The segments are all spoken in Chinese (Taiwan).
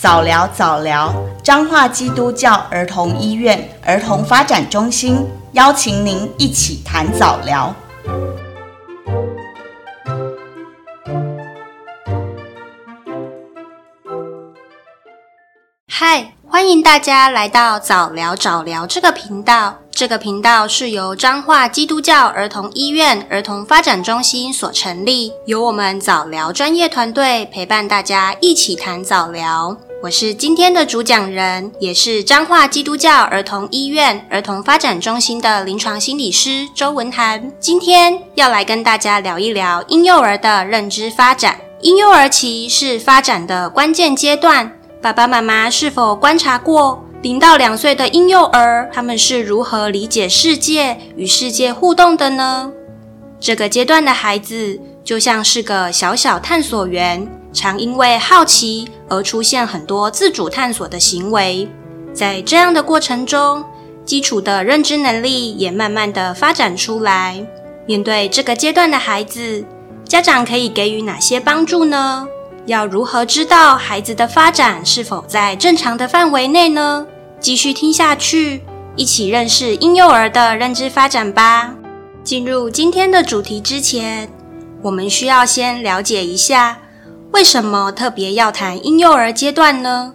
早療找聊，彰化基督教兒童醫院兒童發展中心邀請您一起談早療。嗨，歡迎大家來到早療找聊這個頻道。這個頻道是由彰化基督教兒童醫院兒童發展中心所成立，由我們早療專業團隊陪伴大家一起談早療。我是今天的主講人，也是彰化基督教兒童醫院兒童發展中心的臨床心理師周雯涵。今天要來跟大家聊一聊嬰幼兒的認知發展。嬰幼兒期是發展的關鍵階段，爸爸媽媽是否觀察過零到兩歲的嬰幼兒？他們是如何理解世界與世界互動的呢？這個階段的孩子，就像是個小小探索員，常因為好奇而出現很多自主探索的行為。在這樣的過程中，基礎的認知能力也慢慢的發展出來。面對這個階段的孩子，家長可以給予哪些幫助呢？要如何知道孩子的發展是否在正常的範圍內呢？繼續聽下去，一起認識嬰幼兒的認知發展吧。進入今天的主題之前，我們需要先了解一下，為什麼特別要談嬰幼兒階段呢？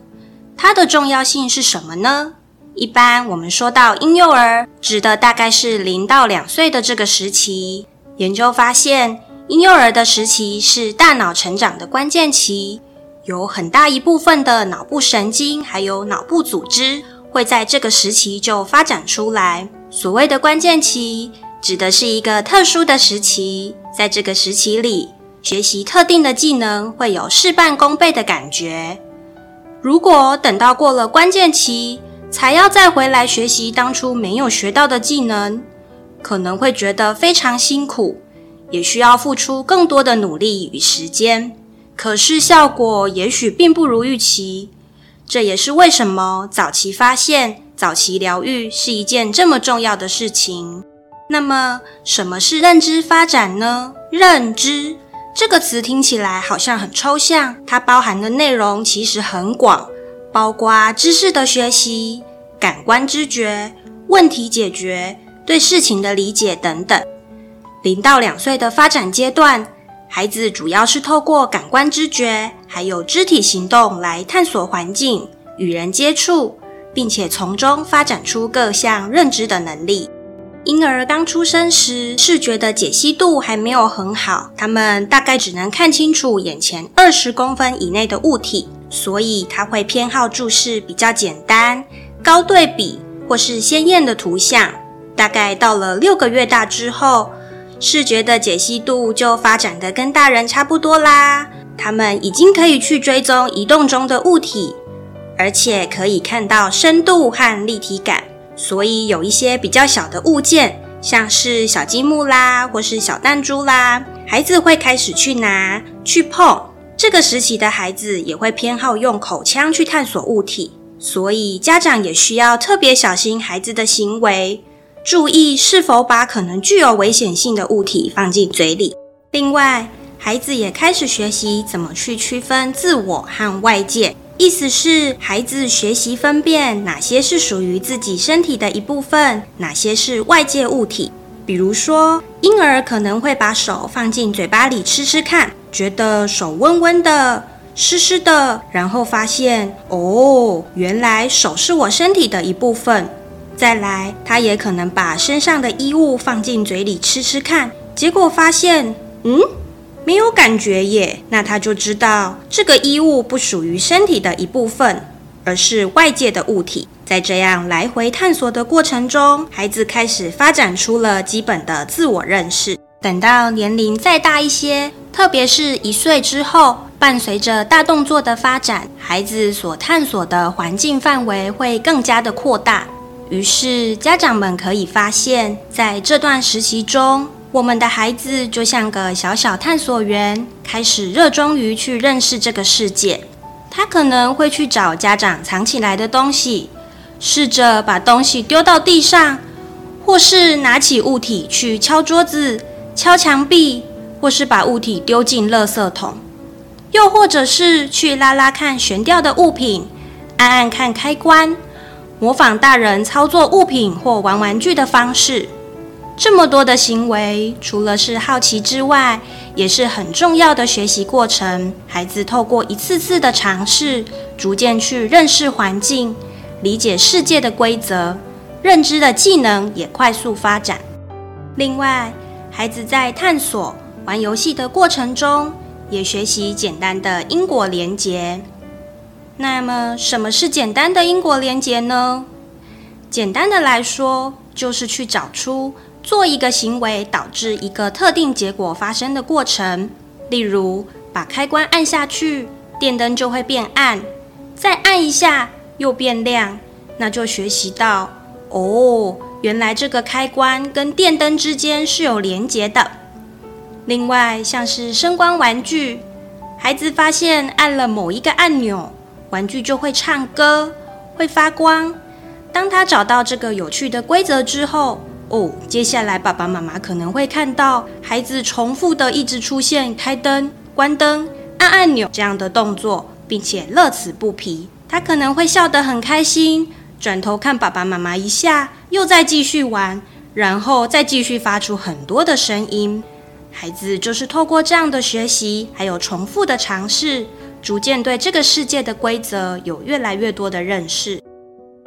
它的重要性是什麼呢？一般我們說到嬰幼兒，指的大概是零到兩歲的這個時期。研究發現，嬰幼兒的時期是大腦成長的關鍵期，有很大一部分的腦部神經還有腦部組織會在這個時期就發展出來。所謂的關鍵期，指的是一個特殊的時期。在這個時期裡，學習特定的技能會有事半功倍的感覺。如果等到過了關鍵期，才要再回來學習當初沒有學到的技能，可能會覺得非常辛苦，也需要付出更多的努力與時間。可是效果也許並不如預期。這也是為什麼早期發現、早期療育是一件這麼重要的事情。那麼，什麼是認知發展呢？認知這個詞聽起來好像很抽象，它包含的內容其實很廣，包括知識的學習、感官知覺、問題解決、對事情的理解等等。零到兩歲的發展階段，孩子主要是透過感官知覺還有肢體行動來探索環境，與人接觸，並且從中發展出各項認知的能力。嬰兒剛出生時，視覺的解析度還沒有很好，他們大概只能看清楚眼前二十公分以內的物體，所以他會偏好注視比較簡單、高對比或是鮮豔的圖像。大概到了六個月大之後，視覺的解析度就發展的跟大人差不多啦，他們已經可以去追蹤移動中的物體，而且可以看到深度和立體感。所以有一些比較小的物件，像是小積木啦，或是小彈珠啦，孩子會開始去拿、去碰。這個時期的孩子也會偏好用口腔去探索物體，所以家長也需要特別小心孩子的行為，注意是否把可能具有危險性的物體放進嘴裡。另外，孩子也開始學習怎麼去區分自我和外界。意思是，孩子學習分辨哪些是屬於自己身體的一部分，哪些是外界物體。比如說，嬰兒可能會把手放進嘴巴裡吃吃看，覺得手溫溫的、濕濕的，然後發現哦，原來手是我身體的一部分。再來，他也可能把身上的衣物放進嘴裡吃吃看，結果發現，嗯。沒有感覺耶，那他就知道這個衣物不屬於身體的一部分，而是外界的物體。在這樣來回探索的過程中，孩子開始發展出了基本的自我認識。等到年齡再大一些，特別是一歲之後，伴隨着大動作的發展，孩子所探索的環境範圍會更加的擴大。於是，家長們可以發現，在這段時期中，我們的孩子就像個小小探索員，開始熱衷於去認識這個世界。他可能會去找家長藏起來的東西，試着把東西丟到地上，或是拿起物體去敲桌子、敲牆壁，或是把物體丟進垃圾桶，又或者是去拉拉看懸吊的物品，按按看開關，模仿大人操作物品或玩玩具的方式。這麼多的行為，除了是好奇之外，也是很重要的學習過程。孩子透過一次次的嘗試，逐漸去認識環境，理解世界的規則，認知的技能也快速發展。另外，孩子在探索、玩遊戲的過程中，也學習簡單的因果連結。那麼，什麼是簡單的因果連結呢？簡單的來說，就是去找出做一個行為導致一個特定結果發生的過程，例如把開關按下去，電燈就會變暗，再按一下又變亮，那就學習到哦，原來這個開關跟電燈之間是有連接的。另外，像是聲光玩具，孩子發現按了某一個按鈕，玩具就會唱歌、會發光。當他找到這個有趣的規則之後，哦，接下來爸爸媽媽可能會看到孩子重複的一直出現開燈、關燈、按按鈕這樣的動作，並且樂此不疲。他可能會笑得很開心，轉頭看爸爸媽媽一下，又再繼續玩，然後再繼續發出很多的聲音。孩子就是透過這樣的學習，還有重複的嘗試，逐漸對這個世界的規則有越來越多的認識。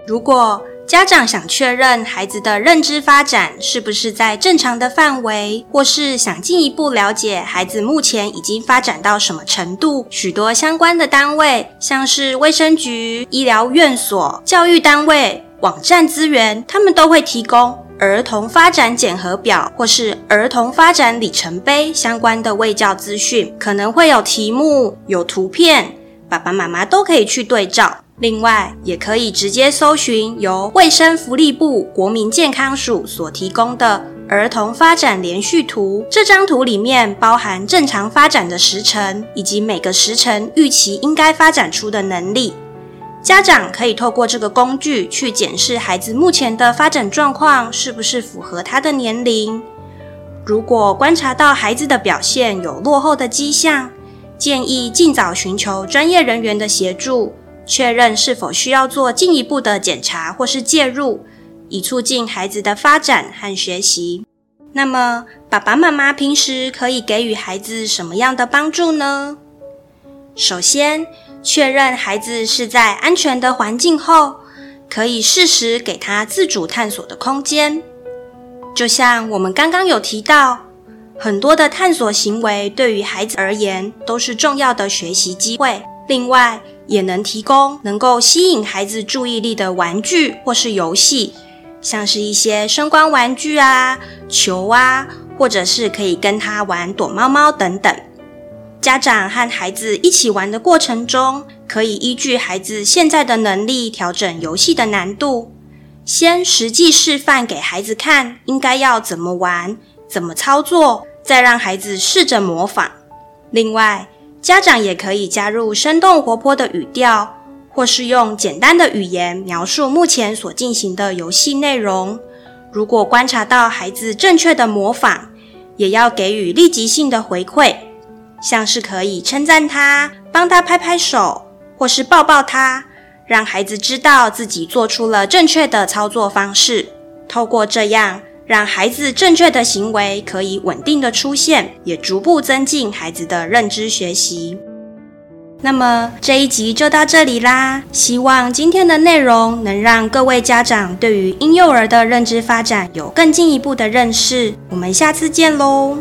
如果家長想確認孩子的認知發展是不是在正常的範圍，或是想進一步了解孩子目前已經發展到什麼程度，許多相關的單位，像是衛生局、醫療院所、教育單位、網站資源，他們都會提供兒童發展檢核表或是兒童發展里程碑相關的衛教資訊，可能會有題目、有圖片，爸爸媽媽都可以去對照。另外，也可以直接搜尋由衛生福利部國民健康署所提供的兒童發展連續圖。這張圖裡面包含正常發展的時程以及每個時程預期應該發展出的能力。家長可以透過這個工具去檢視孩子目前的發展狀況是不是符合他的年齡。如果觀察到孩子的表現有落後的跡象，建議盡早尋求專業人員的協助。確認是否需要做進一步的檢查或是介入，以促進孩子的發展和學習。那麼，爸爸媽媽平時可以給予孩子什麼樣的幫助呢？首先，確認孩子是在安全的環境後，可以適時給他自主探索的空間。就像我們剛剛有提到，很多的探索行為對於孩子而言都是重要的學習機會。另外，也能提供能夠吸引孩子注意力的玩具或是遊戲，像是一些聲光玩具啊、球啊，或者是可以跟他玩躲貓貓等等。家長和孩子一起玩的過程中，可以依據孩子現在的能力調整遊戲的難度，先實際示範給孩子看應該要怎麼玩、怎麼操作，再讓孩子試着模仿。另外，家長也可以加入生動活潑的語調，或是用簡單的語言描述目前所進行的遊戲內容。如果觀察到孩子正確的模仿，也要給予立即性的回饋，像是可以稱讚他，幫他拍拍手，或是抱抱他，讓孩子知道自己做出了正確的操作方式。透過這樣，讓孩子正確的行為可以穩定的出現，也逐步增進孩子的認知學習。那麼這一集就到這裡啦，希望今天的內容能讓各位家長對於嬰幼兒的認知發展有更進一步的認識。我們下次見嘍。